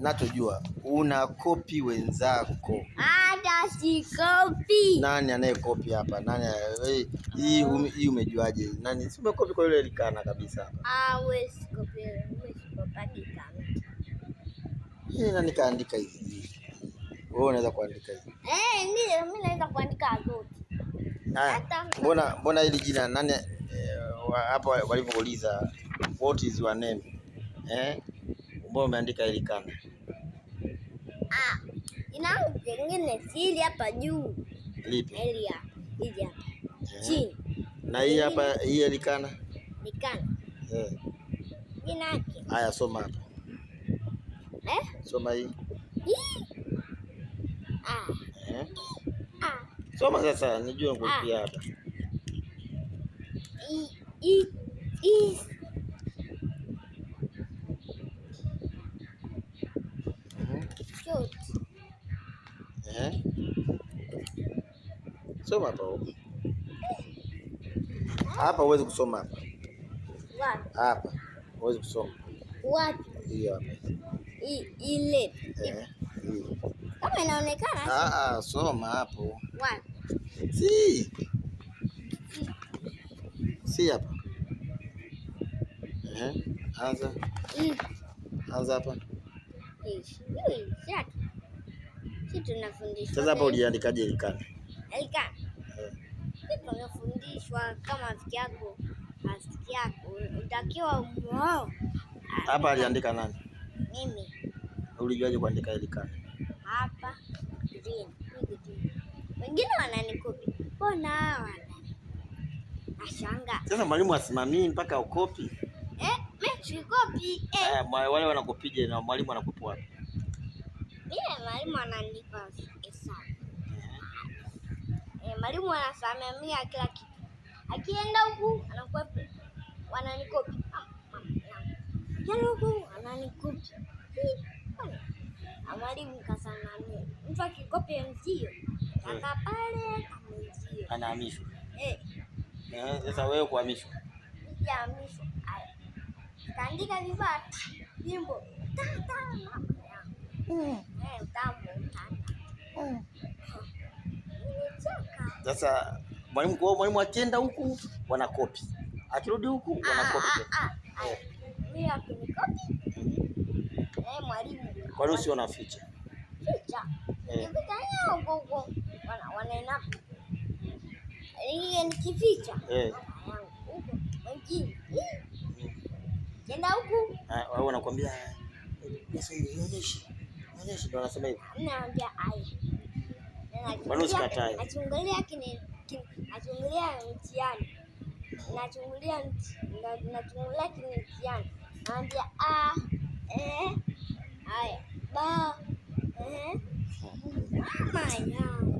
nachojua una kopi wenzako. Hata si kopi. Nani anaye anayekopi hapa? Nani hii uh, hii umejuaje? Nani si umekopi kwa yule likana kabisa hapa? Ah, wewe si kopi, wewe si kopi Yeye nani kaandika hizi? Wewe unaweza kuandika hizi? Eh, ndio mimi naweza kuandika zote. Hata mbona mbona hili jina nani eh, hapa eh, walipouliza what is your name? Eh? Mbona umeandika ilikana? Ah, inangu jengine sili hapa juu. Lipi? Hili hapa. Hili hapa. Eh, Chini. Na hii hapa hii ilikana? Ilikana. Eh. Jina yake. Haya soma hapa. Eh? Soma hii. Hii. Ah. Eh? Ah. Soma sasa nijue ngupi ah. hapa. Hii hii hii Soma hapa hapa, huwezi kusoma hapa Wapi? hapa, huwezi kusoma Wapi? hiyo hapa. ile eh, kama inaonekana. Ah, ah, soma hapo, Wapi? si si hapa. Eh, anza anza hapa. Hii, hii, Sasa hapa uliandikaje? Alikan tunafundishwa kama rafiki yako rafiki yako utakiwa umuoa. Hapa aliandika nani? Mimi. Ulijuaje kuandika Alikan? Hapa wengine wananikopi, mbona hawa Sasa mwalimu asimamii mpaka ukopi eh? sikopi eh. Wale wanakopije na mwalimu anakupa Mimi mwalimu ananipa hesabu Mwalimu anasimamia kila kitu, akienda huku anakuwepo, wananikopi ah, akienda huku ananikopi. Ah, mwalimu kasimamia, mtu akikopi mzio kaka pale mzio anahamishwa. Eh. Eh, sasa wewe kuhamishwa, sijahamishwa. Kaandika vibaya jimbo tata mama yangu mm. Sasa mwalimu kwa mwalimu akienda huku wanakopi, akirudi huku wanakopi. Ah, ah, ah, Mimi mhm. Eh, mwalimu. Kwa nini sio na ficha? Ficha. Eh. Huko huko ni kificha. Eh. Kenda huku. Ah, wao wanakuambia nionyeshe. Nionyeshe ndio anasema hivyo. Mbona usikatae? Nachungulia kini nachungulia mtihani. Nachungulia nachungulia kini mtihani. Naambia a eh haya. Ba eh. Mama yangu.